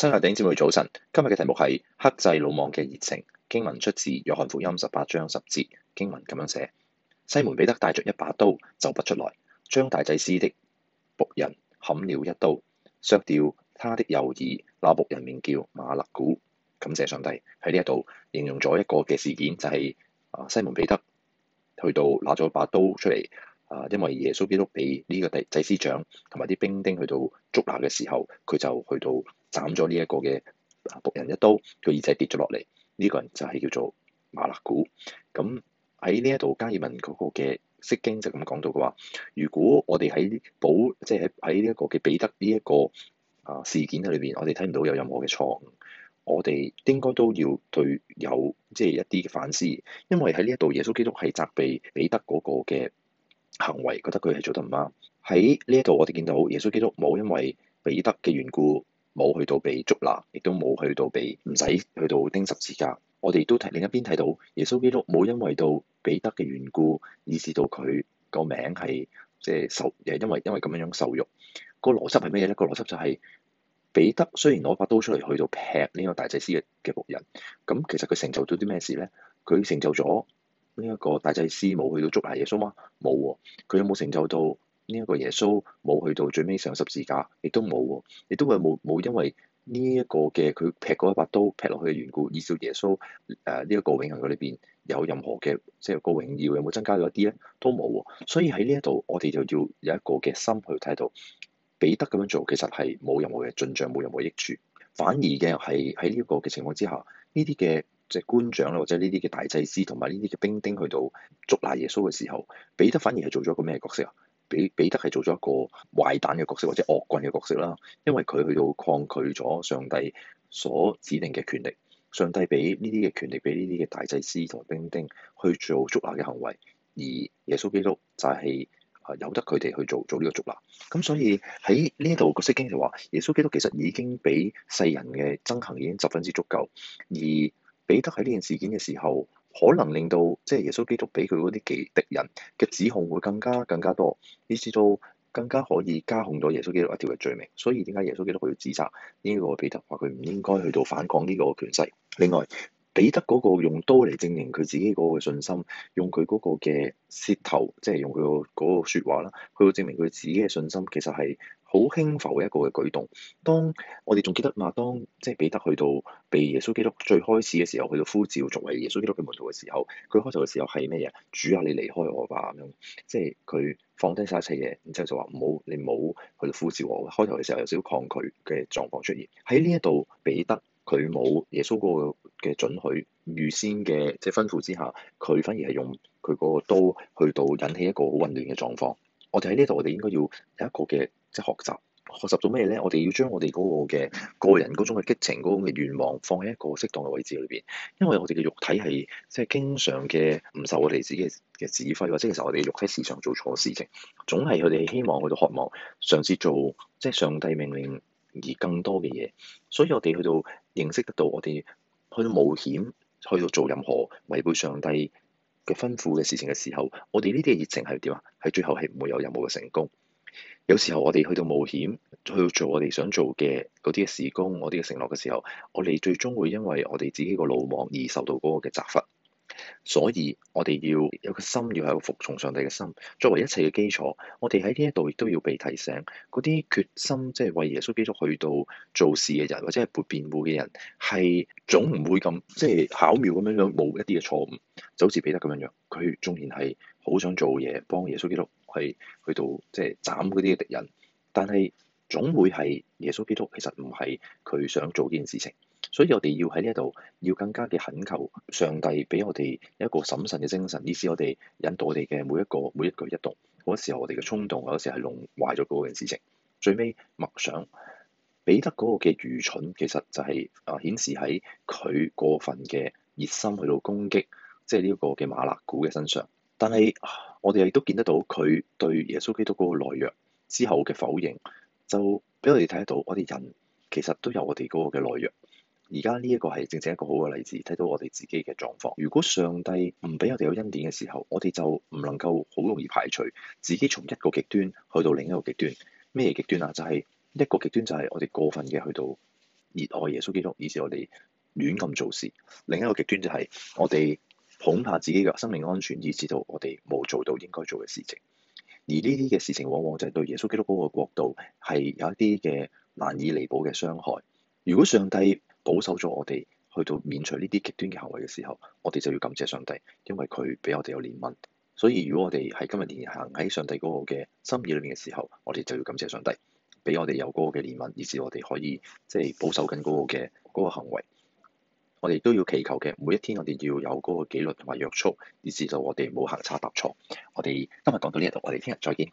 新亞電影節目早晨，今日嘅題目係克制魯莽嘅熱情。經文出自《約翰福音》十八章十節，經文咁樣寫：西門彼得帶着一把刀就不出來，將大祭司的僕人砍了一刀，削掉他的右耳。那僕人名叫馬勒古。感謝上帝喺呢一度形容咗一個嘅事件，就係、是、啊西門彼得去到拿咗把刀出嚟啊，因為耶穌基督畀呢個大祭司長同埋啲兵丁去到捉拿嘅時候，佢就去到，斬咗呢一個嘅僕人一刀，個耳仔跌咗落嚟。呢、這個人就係叫做馬勒古。咁喺呢一度，加爾文嗰個嘅《釋經》就咁講到嘅話：如果我哋喺保即係喺喺呢一個嘅彼得呢一個啊事件裏面，我哋睇唔到有任何嘅錯誤，我哋應該都要對有即係、就是、一啲嘅反思，因為喺呢一度耶穌基督係責備彼得嗰個嘅行為，覺得佢係做得唔啱。喺呢一度，我哋見到耶穌基督冇因為彼得嘅緣故。冇去到被捉拿，亦都冇去到被唔使去到釘十字架。我哋都睇另一邊睇到，耶穌基督冇因為到彼得嘅緣故，以致到佢個名係即係受，因為因為咁樣樣受辱。個邏輯係咩嘢咧？個邏輯就係、是、彼得雖然攞把刀出嚟去到劈呢個大祭司嘅嘅僕人，咁其實佢成就咗啲咩事咧？佢成就咗呢一個大祭司冇去到捉拿耶穌嗎？冇喎，啊，佢有冇成就到？呢一個耶穌冇去到最尾上十字架，亦都冇喎。亦都會冇冇，因為呢一個嘅佢劈過一把刀劈落去嘅緣故，以使耶穌誒呢一個永恆嘅裏邊有任何嘅即係個榮耀有冇增加咗一啲咧？都冇喎，哦。所以喺呢一度，我哋就要有一個嘅心去睇到彼得咁樣做，其實係冇任何嘅進賬，冇任何益處。反而嘅係喺呢一個嘅情況之下，呢啲嘅即係官長咧，或者呢啲嘅大祭司同埋呢啲嘅兵丁去到捉拿耶穌嘅時候，彼得反而係做咗一個咩角色啊？比彼得係做咗一個壞蛋嘅角色或者惡棍嘅角色啦，因為佢去到抗拒咗上帝所指定嘅權力，上帝俾呢啲嘅權力俾呢啲嘅大祭司同兵丁，丁去做捉拿嘅行為，而耶穌基督就係由得佢哋去做做呢個捉拿，咁所以喺呢度嘅聖經就話，耶穌基督其實已經俾世人嘅憎恨已經十分之足夠，而彼得喺呢件事件嘅時候。可能令到即係、就是、耶穌基督俾佢嗰啲幾敵人嘅指控會更加更加多，以致到更加可以加控咗耶穌基督一條嘅罪名。所以點解耶穌基督要指責？呢個彼得話佢唔應該去到反抗呢個權勢。另外。彼得嗰個用刀嚟證明佢自己嗰個信心，用佢嗰個嘅舌頭，即係用佢嗰個説話啦，去證明佢自己嘅信心，其實係好輕浮一個嘅舉動。當我哋仲記得嘛，當即係彼得去到被耶穌基督最開始嘅時候，去到呼召作為耶穌基督嘅門徒嘅時候，佢開頭嘅時候係咩嘢？主啊，你離開我吧咁樣，即係佢放低晒一切嘢，然之後就話唔好，你冇去到呼召我。開頭嘅時候有少少抗拒嘅狀況出現喺呢一度，彼得佢冇耶穌個。嘅准許預先嘅即係吩咐之下，佢反而係用佢嗰個刀去到引起一個好混亂嘅狀況。我哋喺呢度，我哋應該要有一個嘅即係學習，學習到咩咧？我哋要將我哋嗰個嘅個人嗰種嘅激情、嗰種嘅願望，放喺一個適當嘅位置裏面。因為我哋嘅肉體係即係經常嘅唔受我哋自己嘅嘅指揮，或者其實我哋肉體時常做錯事情，總係佢哋希望去到渴望嘗試做即係、就是、上帝命令而更多嘅嘢。所以我哋去到認識得到我哋。去到冒險，去到做任何違背上帝嘅吩咐嘅事情嘅時候，我哋呢啲嘅熱情係點啊？喺最後係唔會有任何嘅成功。有時候我哋去到冒險，去到做我哋想做嘅嗰啲嘅事工，我啲嘅承諾嘅時候，我哋最終會因為我哋自己個魯莽而受到嗰個嘅責罰。所以我哋要有個心，要係個服從上帝嘅心，作為一切嘅基礎。我哋喺呢一度亦都要被提醒，嗰啲決心即係、就是、為耶穌基督去到做事嘅人，或者係撥辯護嘅人，係總唔會咁即係巧妙咁樣樣冇一啲嘅錯誤，就好似彼得咁樣樣，佢縱然係好想做嘢幫耶穌基督，係去到即係斬嗰啲嘅敵人，但係總會係耶穌基督其實唔係佢想做呢件事情。所以我哋要喺呢一度要更加嘅懇求上帝俾我哋一個審慎嘅精神，以使我哋引導我哋嘅每一個每一舉一動。時候我哋嘅衝動嗰時係弄壞咗嗰件事情。最尾默想彼得嗰個嘅愚蠢，其實就係啊顯示喺佢過分嘅熱心去到攻擊即係呢一個嘅馬勒古嘅身上。但係我哋亦都見得到佢對耶穌基督嗰個懦弱之後嘅否認，就俾我哋睇得到我哋人其實都有我哋嗰個嘅懦弱。而家呢一個係正正一個好嘅例子，睇到我哋自己嘅狀況。如果上帝唔俾我哋有恩典嘅時候，我哋就唔能夠好容易排除自己從一個極端去到另一個極端。咩極端啊？就係一個極端就係我哋過分嘅去到熱愛耶穌基督，以致我哋亂咁做事；另一個極端就係我哋恐怕自己嘅生命安全，以致到我哋冇做到應該做嘅事情。而呢啲嘅事情往往就係對耶穌基督嗰個國度係有一啲嘅難以彌補嘅傷害。如果上帝，保守咗我哋去到免除呢啲極端嘅行為嘅時候，我哋就要感謝上帝，因為佢俾我哋有憐憫。所以如果我哋喺今日年行喺上帝嗰個嘅心意裏面嘅時候，我哋就要感謝上帝俾我哋有嗰個嘅憐憫，以至我哋可以即係保守緊嗰個嘅嗰個行為。我哋都要祈求嘅，每一天我哋要有嗰個紀律同埋約束，以至到我哋冇行差踏錯。我哋今日講到呢一度，我哋聽日再見。